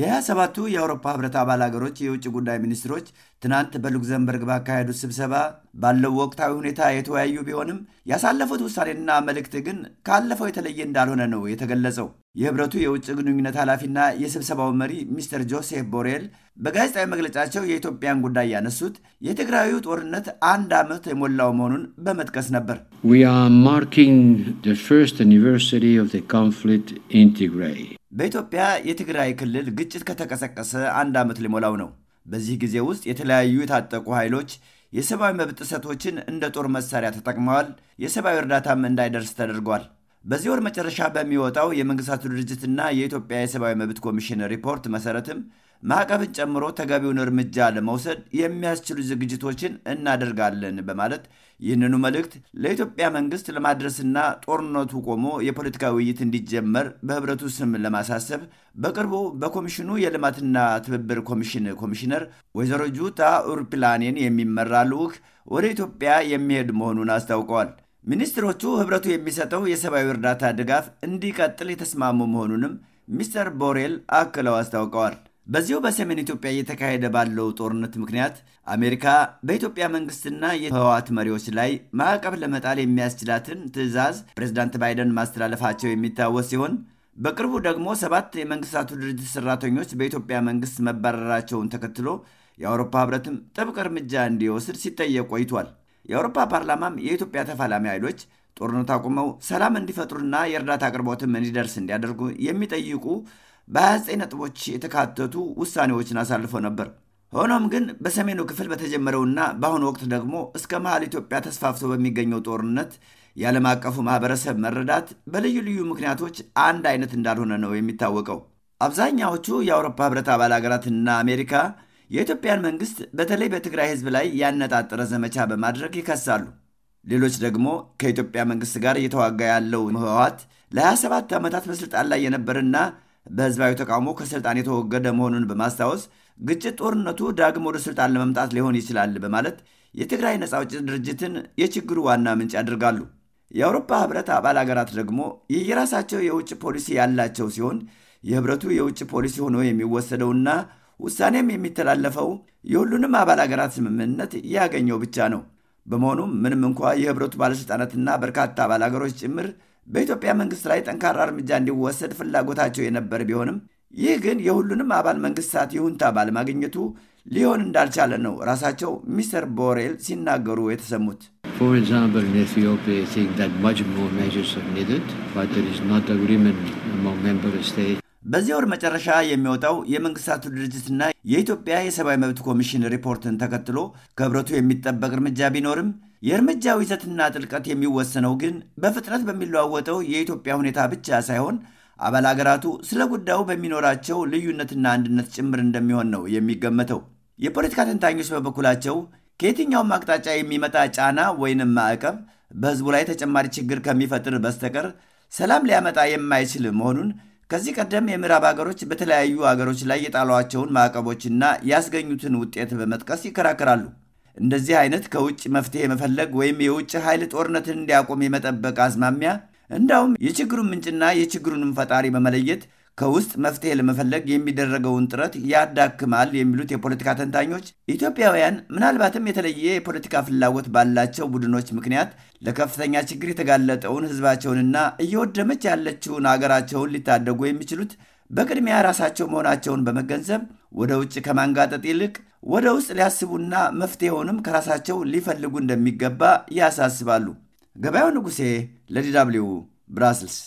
የ27ቱ የአውሮፓ ህብረት አባል ሀገሮች የውጭ ጉዳይ ሚኒስትሮች ትናንት በሉክዘምበርግ ባካሄዱት ስብሰባ ባለው ወቅታዊ ሁኔታ የተወያዩ ቢሆንም ያሳለፉት ውሳኔና መልእክት ግን ካለፈው የተለየ እንዳልሆነ ነው የተገለጸው። የህብረቱ የውጭ ግንኙነት ኃላፊና የስብሰባው መሪ ሚስተር ጆሴፍ ቦሬል በጋዜጣዊ መግለጫቸው የኢትዮጵያን ጉዳይ ያነሱት የትግራዩ ጦርነት አንድ ዓመት የሞላው መሆኑን በመጥቀስ ነበር። We are marking the first በኢትዮጵያ የትግራይ ክልል ግጭት ከተቀሰቀሰ አንድ ዓመት ሊሞላው ነው። በዚህ ጊዜ ውስጥ የተለያዩ የታጠቁ ኃይሎች የሰብአዊ መብት ጥሰቶችን እንደ ጦር መሳሪያ ተጠቅመዋል። የሰብአዊ እርዳታም እንዳይደርስ ተደርጓል። በዚህ ወር መጨረሻ በሚወጣው የመንግስታቱ ድርጅትና የኢትዮጵያ የሰብአዊ መብት ኮሚሽን ሪፖርት መሰረትም ማዕቀብን ጨምሮ ተገቢውን እርምጃ ለመውሰድ የሚያስችሉ ዝግጅቶችን እናደርጋለን በማለት ይህንኑ መልእክት ለኢትዮጵያ መንግስት ለማድረስና ጦርነቱ ቆሞ የፖለቲካ ውይይት እንዲጀመር በህብረቱ ስም ለማሳሰብ በቅርቡ በኮሚሽኑ የልማትና ትብብር ኮሚሽን ኮሚሽነር ወይዘሮ ጁታ ኡርፕላኔን የሚመራ ልዑክ ወደ ኢትዮጵያ የሚሄድ መሆኑን አስታውቀዋል። ሚኒስትሮቹ ህብረቱ የሚሰጠው የሰብአዊ እርዳታ ድጋፍ እንዲቀጥል የተስማሙ መሆኑንም ሚስተር ቦሬል አክለው አስታውቀዋል። በዚሁ በሰሜን ኢትዮጵያ እየተካሄደ ባለው ጦርነት ምክንያት አሜሪካ በኢትዮጵያ መንግስትና የህወሓት መሪዎች ላይ ማዕቀብ ለመጣል የሚያስችላትን ትዕዛዝ ፕሬዚዳንት ባይደን ማስተላለፋቸው የሚታወስ ሲሆን በቅርቡ ደግሞ ሰባት የመንግስታቱ ድርጅት ሰራተኞች በኢትዮጵያ መንግስት መባረራቸውን ተከትሎ የአውሮፓ ህብረትም ጥብቅ እርምጃ እንዲወስድ ሲጠየቅ ቆይቷል። የአውሮፓ ፓርላማም የኢትዮጵያ ተፋላሚ ኃይሎች ጦርነት አቁመው ሰላም እንዲፈጥሩና የእርዳታ አቅርቦትም እንዲደርስ እንዲያደርጉ የሚጠይቁ በ ነጥቦች የተካተቱ ውሳኔዎችን አሳልፎ ነበር። ሆኖም ግን በሰሜኑ ክፍል በተጀመረውና በአሁኑ ወቅት ደግሞ እስከ መሃል ኢትዮጵያ ተስፋፍቶ በሚገኘው ጦርነት የዓለም አቀፉ ማህበረሰብ መረዳት በልዩ ልዩ ምክንያቶች አንድ አይነት እንዳልሆነ ነው የሚታወቀው። አብዛኛዎቹ የአውሮፓ ህብረት አባል ሀገራትና አሜሪካ የኢትዮጵያን መንግስት በተለይ በትግራይ ህዝብ ላይ ያነጣጠረ ዘመቻ በማድረግ ይከሳሉ። ሌሎች ደግሞ ከኢትዮጵያ መንግስት ጋር እየተዋጋ ያለው ህወሓት ለ27 ዓመታት በስልጣን ላይ የነበርና በህዝባዊ ተቃውሞ ከስልጣን የተወገደ መሆኑን በማስታወስ ግጭት ጦርነቱ ዳግም ወደ ስልጣን ለመምጣት ሊሆን ይችላል በማለት የትግራይ ነፃ አውጪ ድርጅትን የችግሩ ዋና ምንጭ ያደርጋሉ። የአውሮፓ ህብረት አባል አገራት ደግሞ የየራሳቸው የውጭ ፖሊሲ ያላቸው ሲሆን የህብረቱ የውጭ ፖሊሲ ሆኖ የሚወሰደውና ውሳኔም የሚተላለፈው የሁሉንም አባል አገራት ስምምነት ያገኘው ብቻ ነው። በመሆኑም ምንም እንኳ የህብረቱ ባለሥልጣናትና በርካታ አባል አገሮች ጭምር በኢትዮጵያ መንግስት ላይ ጠንካራ እርምጃ እንዲወሰድ ፍላጎታቸው የነበረ ቢሆንም ይህ ግን የሁሉንም አባል መንግስታት ይሁንታ ባለማግኘቱ ሊሆን እንዳልቻለ ነው ራሳቸው ሚስተር ቦሬል ሲናገሩ የተሰሙት። በዚህ ወር መጨረሻ የሚወጣው የመንግስታቱ ድርጅትና የኢትዮጵያ የሰብአዊ መብት ኮሚሽን ሪፖርትን ተከትሎ ከህብረቱ የሚጠበቅ እርምጃ ቢኖርም የእርምጃው ይዘትና ጥልቀት የሚወሰነው ግን በፍጥነት በሚለዋወጠው የኢትዮጵያ ሁኔታ ብቻ ሳይሆን አባል አገራቱ ስለ ጉዳዩ በሚኖራቸው ልዩነትና አንድነት ጭምር እንደሚሆን ነው የሚገመተው። የፖለቲካ ተንታኞች በበኩላቸው ከየትኛውም አቅጣጫ የሚመጣ ጫና ወይንም ማዕቀብ በሕዝቡ ላይ ተጨማሪ ችግር ከሚፈጥር በስተቀር ሰላም ሊያመጣ የማይችል መሆኑን ከዚህ ቀደም የምዕራብ ሀገሮች በተለያዩ ሀገሮች ላይ የጣሏቸውን ማዕቀቦችና ያስገኙትን ውጤት በመጥቀስ ይከራከራሉ። እንደዚህ አይነት ከውጭ መፍትሄ መፈለግ ወይም የውጭ ኃይል ጦርነትን እንዲያቆም የመጠበቅ አዝማሚያ እንዳውም የችግሩን ምንጭና የችግሩንም ፈጣሪ በመለየት ከውስጥ መፍትሄ ለመፈለግ የሚደረገውን ጥረት ያዳክማል የሚሉት የፖለቲካ ተንታኞች ኢትዮጵያውያን ምናልባትም የተለየ የፖለቲካ ፍላጎት ባላቸው ቡድኖች ምክንያት ለከፍተኛ ችግር የተጋለጠውን ሕዝባቸውንና እየወደመች ያለችውን አገራቸውን ሊታደጉ የሚችሉት በቅድሚያ ራሳቸው መሆናቸውን በመገንዘብ ወደ ውጭ ከማንጋጠጥ ይልቅ ወደ ውስጥ ሊያስቡና መፍትሄውንም ከራሳቸው ሊፈልጉ እንደሚገባ ያሳስባሉ። ገበያው ንጉሴ ለዲ ደብልዩ ብራስልስ